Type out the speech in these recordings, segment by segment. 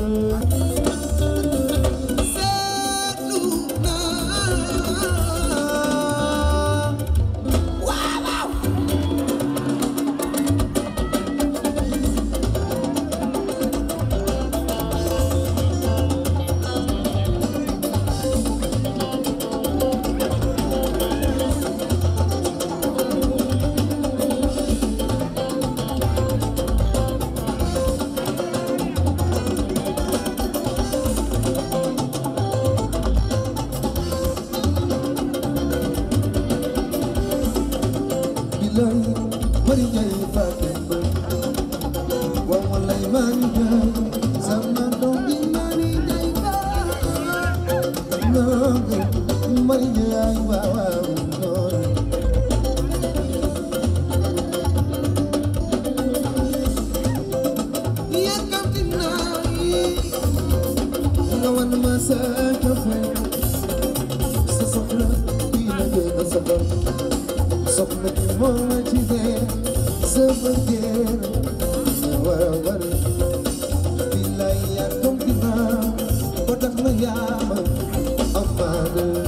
Thank you. nada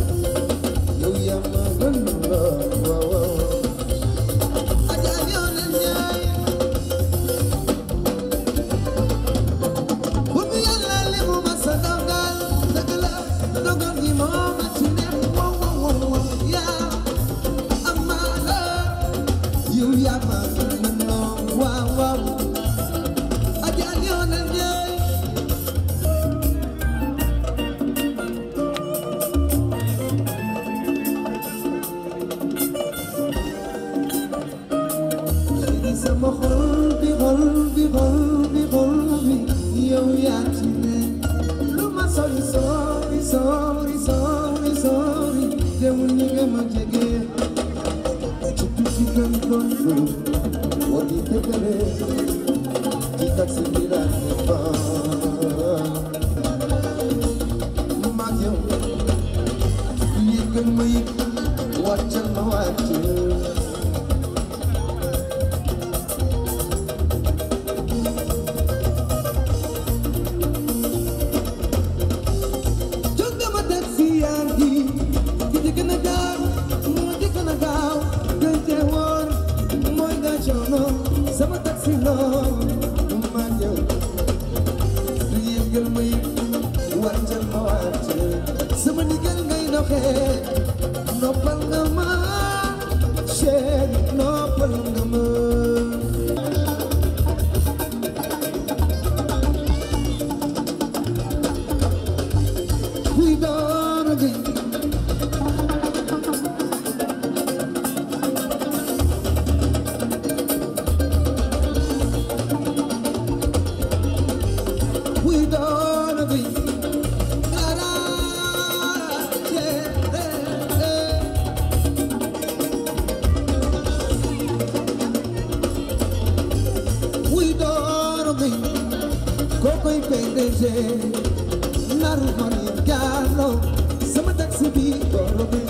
Watch and watch you. galo sama taxi bi borom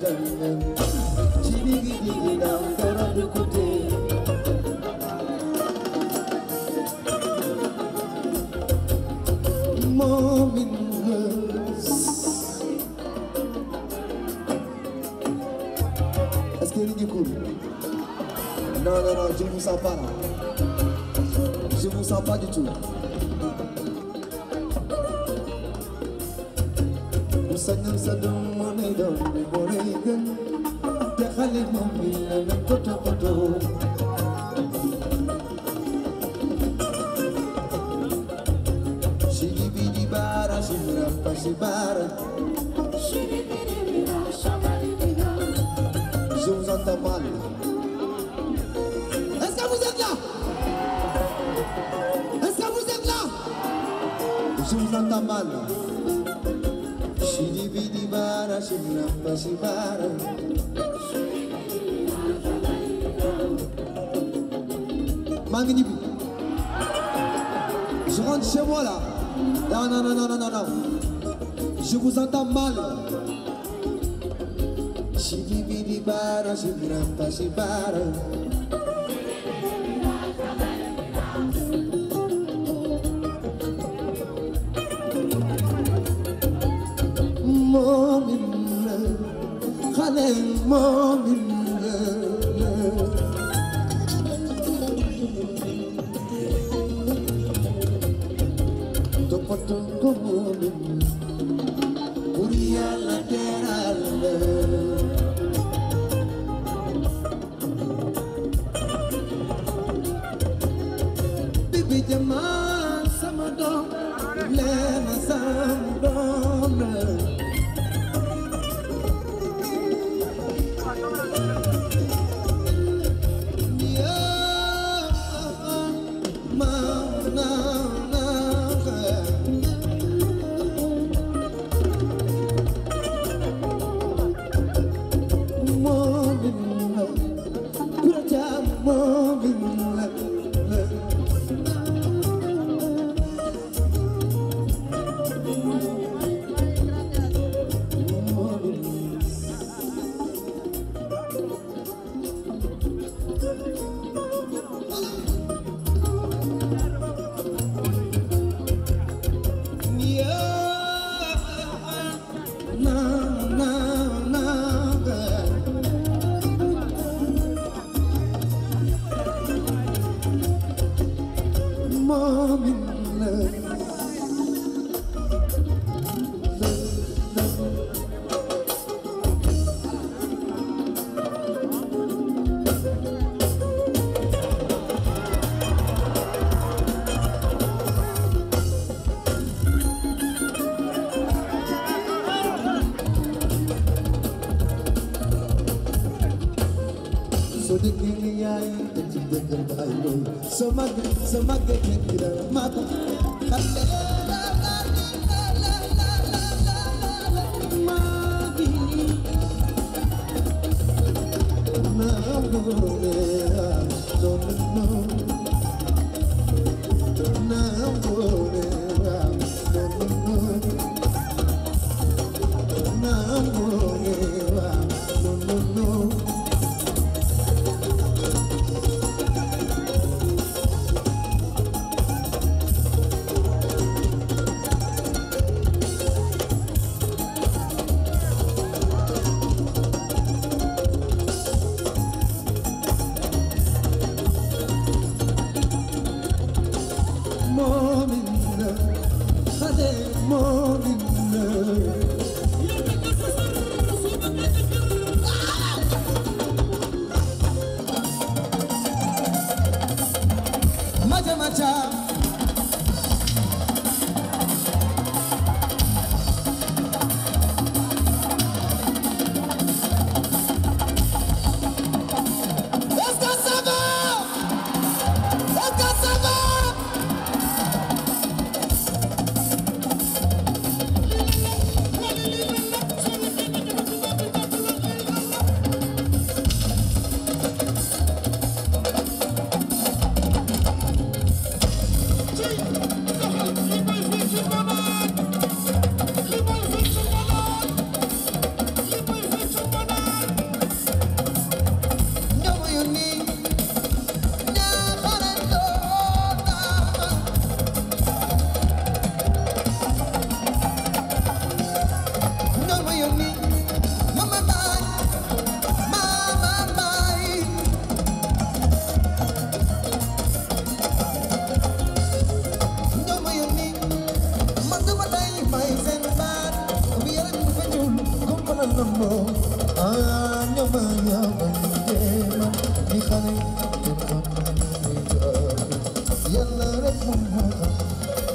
la jidigi digi dam tara dukute momin hers est-ce que il est cool non non non je ne vous sens pas là je ne vous sens pas du separa. Je vous entends mal. Est-ce que vous êtes là? Est-ce que vous êtes là? Je vous entends mal. Shibidi bara, shibiramba shibara. maa ngi ñibbi. Je rentre chez moi là. Non, non, non, non, non, non. je vous entends mal. Shigibidi bara, shibirata shibara. Momina, Khalem Momina. Topatunko Momina. yàlla ما من ناس soo déggee ni yaay te ci dëggal baay loolu soo màggee soo màggee nekk na maa ko Now, now, now, now,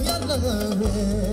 Yeah.